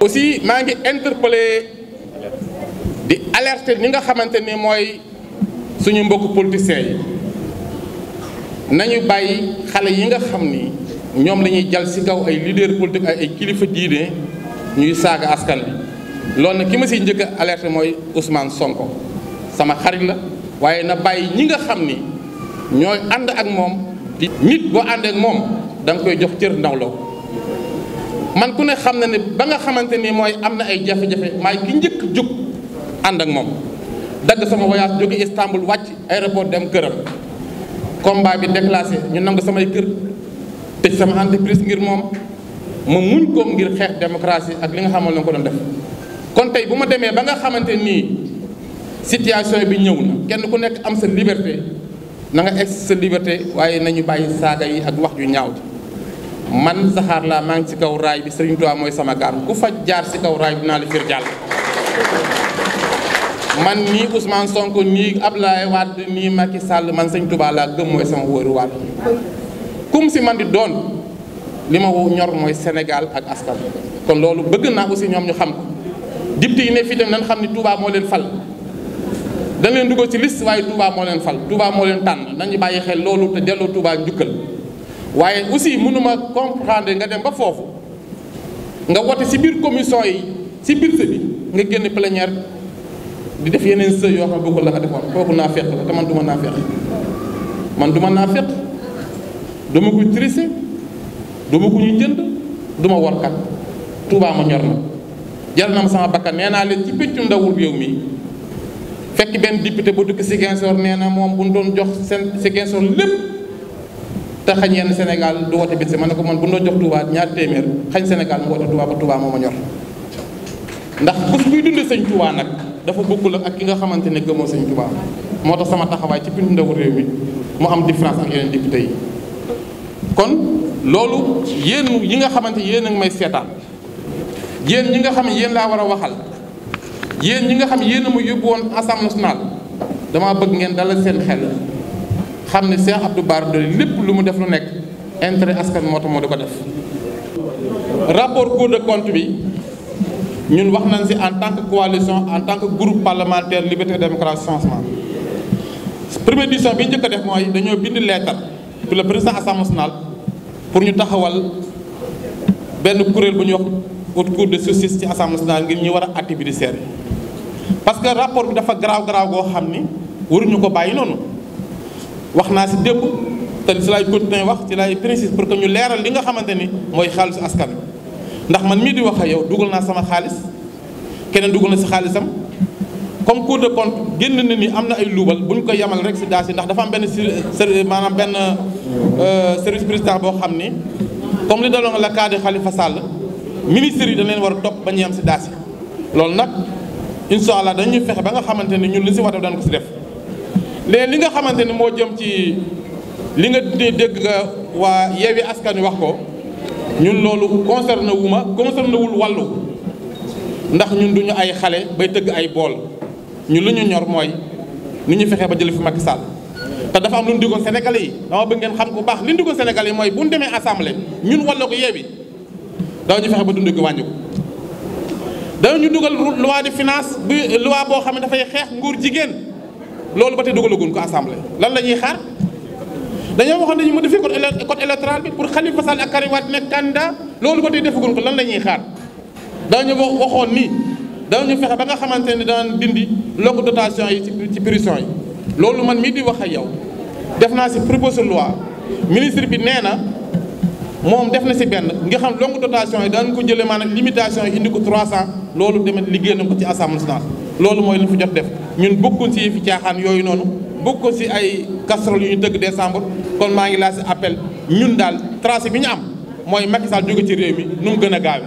aussi maa ngi interpeller di alerte ñi nga xamante ni mooy suñu mbokk politiciens yi nañu bàyyi xale yi nga xam ni ñoom lañuy ñuy jal ci kaw ay leader politique ay kilifa diine ñuy saaga askan bi loolu nag ki ma siy njëkk a mooy Ousmane Sonko sama xarit la waaye na bàyyi ñi nga xam ni ñooy ànd ak moom di nit boo ànd moom da nga koy jox cër ndaw la man ku ne xam na ne ba nga xamante ni mooy am na ay jafe-jafe maay ki njëkk jug ànd ak moom dagg sama voyage jóge Istanbul wàcc aéroport dem këram combat bi déclassé ñu nangu samay kër tëj sama entreprise ngir moom ma muñ koom ngir xeex démocratie ak li nga xamal la ko doon def kon tey bu ma demee ba nga xamante nii situation bi ñëw na kenn ku nekk am sa liberté na nga ex sa liberté waaye nañu bàyyi saaga yi ak wax yu ñaaw ji man saxaar laa maa ngi ci kaw raay bi Serigne Touba mooy sama gaar ku faj jaar ci kaw raay bi naa la fir jàll man nii Ousmane Sonko nii Abdoulaye Wade nii Macky Sall man Serigne Touba laa gëm mooy sama wóoruwaat kum si man di doon li ma ñor mooy Sénégal ak askan kon loolu bëgg naa aussi ñoom ñu xam ko député yi ne fii dem nañ xam ni Touba moo leen fal dañ leen dugal ci liste waaye Touba moo leen fal Touba moo leen tànn nañu bàyyi xel loolu te delloo Touba waaye aussi mënuma comprendre nga dem ba foofu nga wote ci biir commission yi ci biir bi nga génn plénière di def yeneen së yoo xam ne la nga defoon kooku naa fekk la te man du ma naa man du ma naa fekk du ma ko tricé du ma ko ñu jënd du ma warkat Tuubaa ma ñor na jël na sama bakkan nee naa leen ci péccu ndawul réew mi fekk benn député bu dëkk Ziguinchor nee na moom bu ñu doon jox seen Ziguinchor lépp te xañ yenn Sénégal du woote bés ma ne ko man bu ñu jox Touba ñaar téeméer xañ Sénégal mu woote Touba ba Touba moo a ñor ndax bés buy dundee sëñ Touba nag dafa bokkul ak ki nga xamante ne gëmoo sëñ Touba moo tax sama taxawaay ci pindu ndaw réew mi mu am différence ak yeneen député yi kon loolu yéen yi nga xamante yéen a ngi may seetaan yéen ñi nga xam ne yéen laa war a waxal yéen ñi nga xam ne yéen a ma yóbbu woon assemblée nationale damaa bëgg ngeen dalal seen xel. xam ne Cheikh Abdou Bara Dolly lépp lu mu def lu nekk intérêt askan moo tax moo di ko def rapport Cour de comptes bi ñun wax nañ si en tant que coalition en tant que groupe parlementaire liberté démocratie changement première décision bi njëkk a def mooy dañoo bind leetar pour le président assemblée nationale pour ñu taxawal benn kuréel bu ñuy wax haute cour de justice ci assemblée nationale ngir ñu war a activité seer parce que rapport bi dafa garaaw garaaw goo xam ni waruñu ko bàyyi noonu wax naa si démb te si laay continuer wax ci laay principe pour que ñu leeral li nga xamante ni mooy xaalisu askan ndax man mii di wax ak yow dugal naa sama xaalis keneen dugal na si xaalisam comme cour de compte génn na ni am na ay luubal bu ñu koy yamal rek si daas yi ndax dafa am benn si maanaam benn euh, service président boo xam ni comme li daloon la cas de Khalifa Sall ministre yi dañ leen war a topp ba ñu yem si daas yi loolu nag incha allah dañuy fexe ba nga xamante ni ñun li si war a daan ko léegi li nga xamante ni moo jëm ci li nga dégg nga waa Yewwi Askan Wi wax ko ñun loolu concerné wu ma concerné wul ndax ñun duñu ay xale bay tëgg ay bool ñu lu ñu ñor mooy nu ñu fexee ba jële fi Macky Sall te dafa am lu ñu digoon yi dama bëgg ngeen xam ko baax li ñu digoon Sénégalais yi mooy bu ñu demee assemblée ñun wàllu ko Yewwi daw ñu fexe ba dund gi wàññi ko dañu dugal loi de finance bi loi boo xam ne dafay xeex nguur jigéen loolu ba tey dugalaguñ ko assemblée lan la ñuy xaar dañoo waxoon dañu modifier code électoral bi pour Khalifa Sall ak Karim Wade nekk candidat loolu ba tey defaguñ ko lan la ñuy xaar dañu waxoon ni ñu fexe ba nga xamante ne daan dindi log dotation yi ci prison yi loolu man mii di wax a yow def naa si proposition de loi ministre bi nee na moom def na si benn nga xam longue dotation yi daan ko jëlee maanaam limitation yi indi ko 300 loolu tamit liggéey ko ci assemblée nationale loolu mooy lu fi jot def ñun bokkuñ si fi caaxaan yooyu noonu bokkuñ si ay casserole yu ñu tëgg décembre kon maa ngi laa si appel ñun daal tracé bi ñu am mooy Macky Sall jóge ci réew mi nu mu gën a gaawe